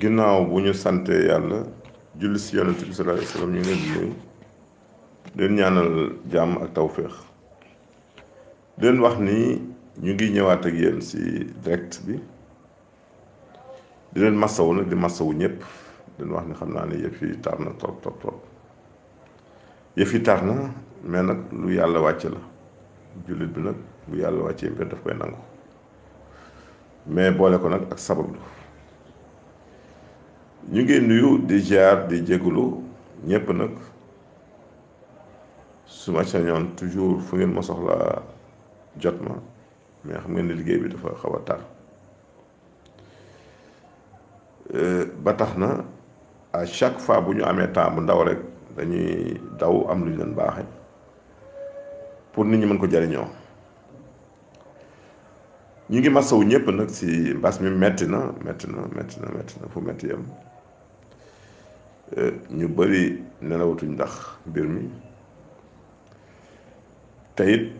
ginnaaw bu ñu sante yàlla julli si yonent bi sallallahu alayhi ñu ngi leen di nuyu leen ñaanal jàmm ak tawféex leen wax ni ñu ngi ñëwaat ak yéen si direct bi di leen masawu nag di masawu ñëpp leen wax ni xam naa ne yëf yi tar na trop trop yëf yi tar na mais nag lu yàlla wàcce la jullit bi nag bu yàlla wàccee mbir daf koy nangu mais boole ko nag ak sabablu ñu ngi nuyu di jaar di jégalu ñëpp nag su ma sañoon toujours fu ngeen ma soxla jot ma mais xam ngeen ne liggéey bi dafa xaw a tar euh, ba tax na a chaque fois bu ñu amee temps bu ndaw rek dañuy daw am lu ñu leen baaxe pour nit ñu mën ko jariñoo ñu ngi masawu ñëpp nag si mbas mi metti na metti na metti na metti na fu metti yam ñu bëri nelawatuñ ndax mbir mi te it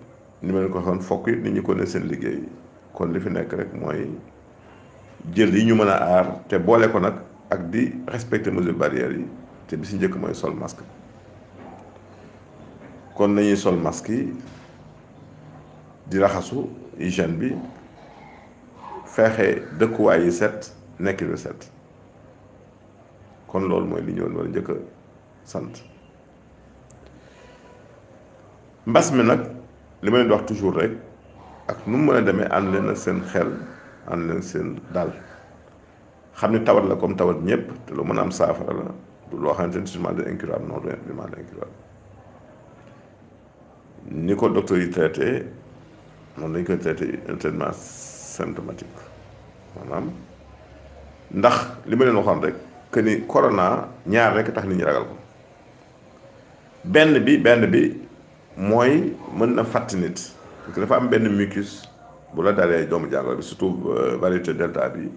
ni ma leen ko waxoon fokk it nit ñi ko ne seen liggéey kon li fi nekk rek mooy jël yi ñu mën a aar te boole ko nag ak di respecter mesures barrières yi te bi si njëkk mooy sol masque kon nañuy sol masque yi di raxasu hygiène bi fexe dëkkuwaay yi set nekk lu set kon loolu mooy li ñëwoon war a sant mbas mi nag li ma leen wax toujours rek ak nu mu mën a demee ànd leen ak seen xel ànd leen seen dal xam ne tawat la comme tawat ñëpp te lu mën a am saafara la du loo xamante ni traitement de incurable non du traitement de incurable ni ko docteur yi traité noonu lañ koy traité un traitement symptomatique ndax li ma leen waxoon rek que ni corona ñaar rek tax nit ñi ragal ko benn bi benn bi mooy mën na fàtt nit parce que dafa am benn mucus bu la dalee doomu jàngoro bi surtout euh, variété delta bi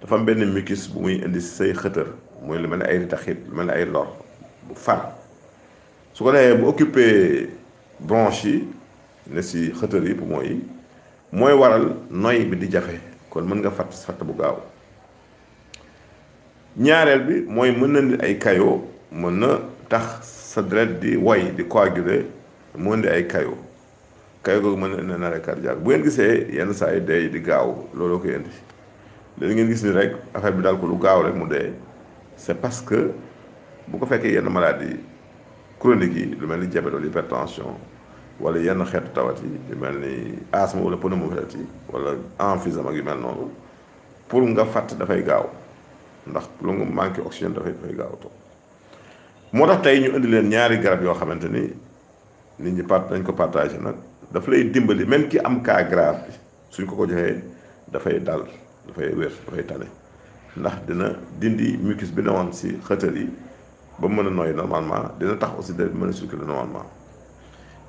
dafa am benn mucus bu muy indi say xëtër muy lu mel ne ay ritaxit lu mel ne ay lor bu far su ko defee bu occupé bronche yi ne si xëtër yi poumon yi mooy waral noy bi di jafe kon mën nga fatt fàtt bu gaaw ñaareel bi mooy mën na indi ay kayo mën na tax sa deret di woy di coaguler mu indi ay kayo kayo googu mën na indi na arrêt cardiaque bu ngeen gisee yenn saa yi dee di gaaw looloo koy indi léegi ngeen gis nii rek affaire bi daal ko lu gaaw rek mu dee c'est parce que bu ko fekkee yenn maladie chronique yi lu mel ni diabète wala hypertension wala yenn xeetu tawat yi lu mel ni asthme wala pneumopathie wala emphysème ak yu mel noonu pour nga fàtt dafay gaaw ndax lu mu manqué oxygène dafay dafay gaaw a toog moo tax tey ñu indi leen ñaari garab yoo xamante ni nit ñi part dañ ko partagé nag daf lay dimbali même ki am cas grave bi suñ ko ko joxee dafay dal dafay wér dafay tane ndax dina dindi mucus bi woon si xëtër yi ba mën a nooy normalement dina tax aussi da mën a circuler normalement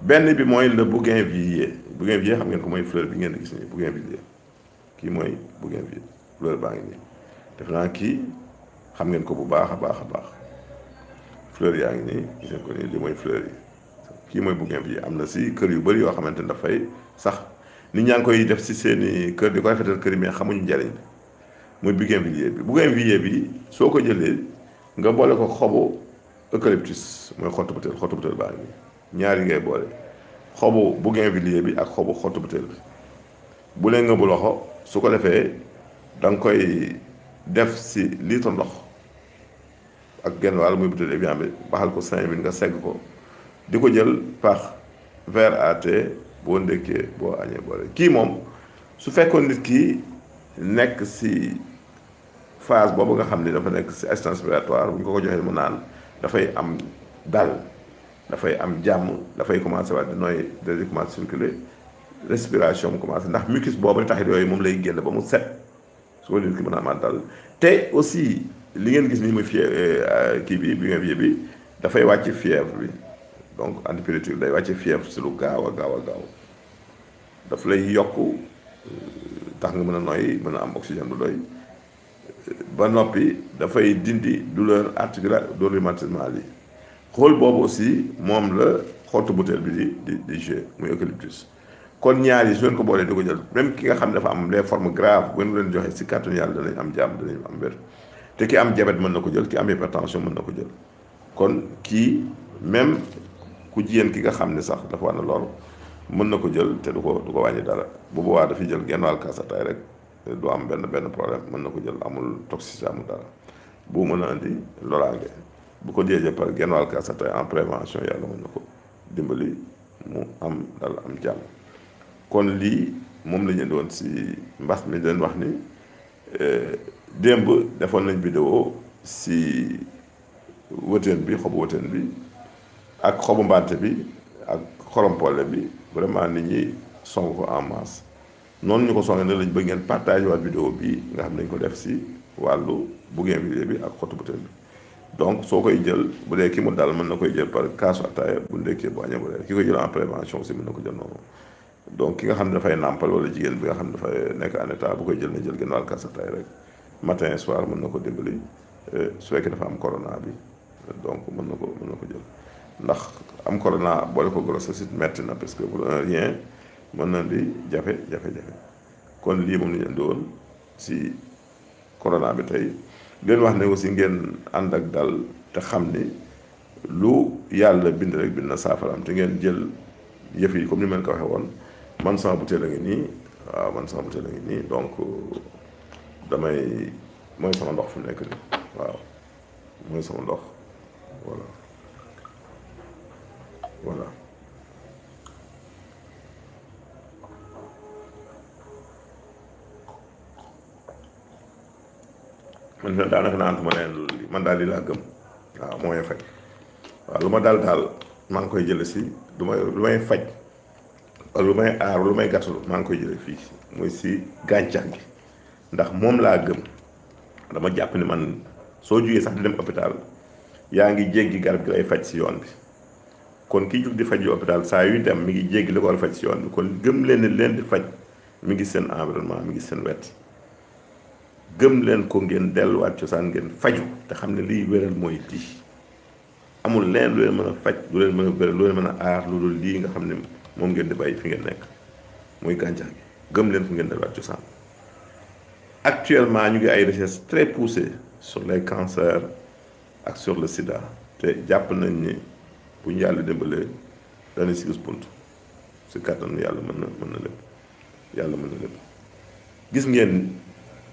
benn bi mooy le bougainvillier bougainvillier xam ngeen ko mooy fleur bi ngeen di gis nii bougainvillier kii mooy bougainvillier fleur baa ngi def naa kii xam ngeen ko bu baax a baax a baax fleur yaa ngi nii gis ko nii li mooy fleur yi kii mooy bougainvillier yi am na si kër yu bari yoo xamante ni dafay sax nit ñaa ngi koy def si seeni kër di ko rafetal kër yi mais xamuñu njariñ bi muy bougainvillier bi bougainvillier bi soo ko jëlee nga boole ko xobu eucalyptus mooy xottu butéel xottu butéel baa ngi nii ñaari ngay boole xobu bougainvillier bi ak xobu xottu butéel bi bu leen nga bu loxo su ko defee da koy def si litre ndox ak genn wàll muy butéel évian bi baxal ko cinq minutes nga segg ko di ko jël par verre à boo ndékkee boo añee boole kii moom su fekkoon nit kii nekk si phase boobu nga xam ni dafa nekk si assistance respiratoire bu ñu ko ko joxee mu naan dafay am dal dafay am jàmm dafay commencé waat di nooy dadi commencé circuler respiration mu commencé ndax mucus boobu tax yooyu moom lay génn ba mu set su ko ki mën a amaat daal te aussi li ngeen gis nii muy fièvre euh, kii bi bi nga vie bi dafay wàcc fièvre bi donc antipyrétique day wàcce fièvre si lu gaaw a gaaw a gaaw daf lay yokk euh, tax nga mën a nooy mën a am oxygène bu doy ba noppi dafay dindi douleur articulaire du rhumatismal yi xool boobu aussi moom la xottu butéel bi di di di muy eucalyptus kon ñaar yi su leen ko boolee di ko jël même ki nga xam ne dafa am les formes graves bu leen joxee si kàttanu yàlla danañ am jàmm danañ am wér te ki am jabet mën na ko jël ki am hypertension mën na ko jël kon kii même ku jigéen ki nga xam ne sax dafa war na lool mën na ko jël te du ko du ko wàññi dara bu waa dafay jël genn wàll kaasataay rek du am benn benn problème mën na ko jël amul toxicité amul dara bu mën a andi loraange bu ko jeejee par genn wàll kaasataay en prévention mën na ko dimbali mu kon lii moom la ñu doon si mbas mi doon wax ni euh, démb defoon nañ vidéo si wëteen bi xobu wëteen bi ak xobu mbante bi ak xorompolle bi vraiment nit ñi song ko en masse noonu ñu ko songee ne lañ bëgg ngeen partage waat vidéo bi nga xam ne dañ ko def si wàllu buggeen vidéo bi ak xotu wëteen bi donc soo koy jël bu dee ki mu dal mën na koy jël par kaasu ataaya bu ndekkee bu añee bu ki koy jël en prévention aussi mën na ko jël noonu donc ki nga xam ne dafay nàmpal wala jigéen bi nga xam ne dafay nekk en état bu koy jël na jël genn wàll kassataay rek matin soir mën na ko dimbali euh, su fekkee dafa am corona bi donc mën na ko mën na ko jël ndax am corona boole ko grossesse metti na parce que pour un rien mën na di jafe jafe-jafe kon lii moom lañu indi woon si corona bi tey leen wax ne aussi ngeen ànd ak dal te xam ni lu yàlla bind rek bind na saafaraam ti ngeen jël yëf yi comme ni ma ko waxee woon man sama butéel a ngi nii waaw man sama butéel a ngi nii donc damay mooy sama ndox fu nekk nii waaw mooy ndox voilà voilà. man daal di laa gëm waaw mooy faj waaw lu ma daal daal maa ngi koy jël si du may lu may faj lu may aar lu may gàttalu maa ngi koy jële fii mooy si gàncax gi ndax moom laa gëm dama jàpp ni man soo jugee sax di dem hôpital yaa ngi jéggi garab gi lay faj si yoon bi kon ki jug di faj yu hôpital saa yu dem mi ngi jéggi li ko faj si yoon bi kon gëm leen leen di faj mu ngi seen environnement mi ngi seen wet gëm leen ko ngeen delluwaat cosaan ngeen faju te xam ne liy wéral mooy lii amul leen lu leen mën a faj lu leen mën a wéral lu mën a aar lu dul lii nga xam ne moom ngeen di bàyyi fi ngeen nekk muy gàncax gi gëm leen fu ngeen delluwaat cosaan actuellement ñu ngi ay recherche très poussée sur les cancers ak sur le sida te jàpp nañ ni bu ñu yàlla dimbalee danañ si gis bunt si kàttanu yàlla mën na mën na lépp yàlla mën na lépp gis ngeen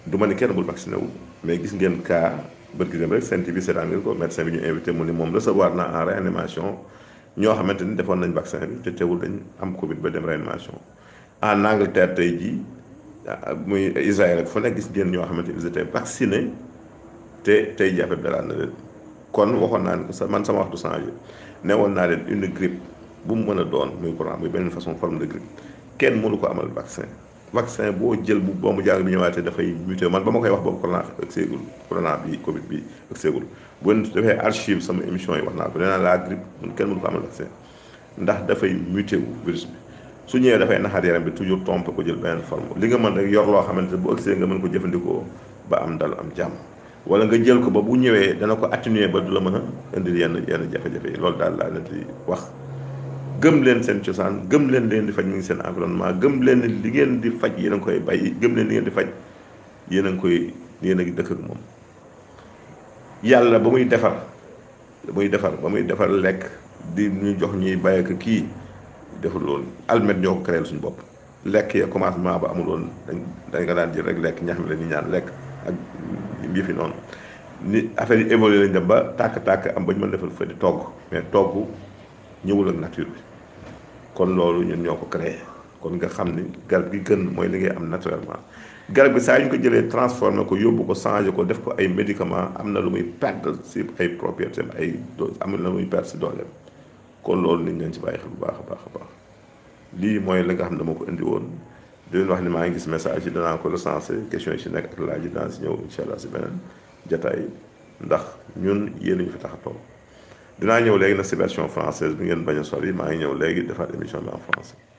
duma ma ni kenn bul vacciné wu mais gis ngeen cas bërki dem rek senti bi seetaan ngeen ko médecin bi ñu invité mu ni moom recevoir naa en réanimation ñoo xamante ni defoon nañu vaccin bi te teewul dañ am Covid ba dem réanimation en Angleterre tey jii muy Israël rek fa nekk gis ngeen ñoo xamante ni ils étaient te tey jii affaire bi dalaat na leen kon waxoon naa ne ko man sama waxtu changé ne woon naa leen une grippe bu mu mën a doon muy courant muy beneen façon forme de grippe kenn mënu ko amal vaccin. vaccin boo jël bu boobu jàng bi ñëwaatee dafay muté man ba ma koy wax boobu corona ak seegul corona bi Covid bi ak seegul bu defee archive sama émission yi wax naa ko nee naa la grippe mun kenn mënu ko amal vaccin ndax dafay muté wu virus bi su ñëwee dafay naxaat yaram bi toujours tompe ko jël beneen forme li nga mën rek yor loo xamante bu ëgsee nga mën ko jëfandikoo ba am dal am jàmm wala nga jël ko ba bu ñëwee dana ko atténuer ba du la mën a indi yenn yenn jafe loolu daal laa leen di wax. gëm leen seen cosaan gëm leen li ngeen di faj mi ngi seen environnement gëm leen li ngeen di faj yéen a ngi koy bay gëm leen li ngeen di faj yéen a koy yéen a ngi dëkk moom. yàlla ba muy defar ba defar muy defar lekk di ñu jox ñuy bay ak kii deful loolu almet ñoo ko créé suñu bopp lekk ya commencement ba amul woon dañ nga daan jël rek lekk ñax mi la ñu ñaan lekk ak mbii fi noonu. ni affaire yi évolué lañ dem ba tàkk-tàkk am ba ñu mën defal fa di togg mais togg ñëwul ak nature bi kon loolu ñun ñoo ko créé kon nga xam ni garab gi gën mooy li ngay am naturellement garab gi saa yu ñu ko jëlee transformé ko yóbbu ko changé ko def ko ay médicament am na lu muy perdre si ay propriétés ay dose am na lu muy perdre si dooleem kon loolu nañ leen ci bàyyi xel baax a baax a baax lii mooy la nga xam ne moo ko indi woon du leen wax ni maa ngi gis message yi danaa ko recensé question yi si nekk ak laaj yi daan si ñëw incha allah si beneen jataay ndax ñun yéen ñu fi tax a dinaa ñëw léegi nag si version française bi ngeen bañ a sori maa ngi ñëw léegi defaat émission bi en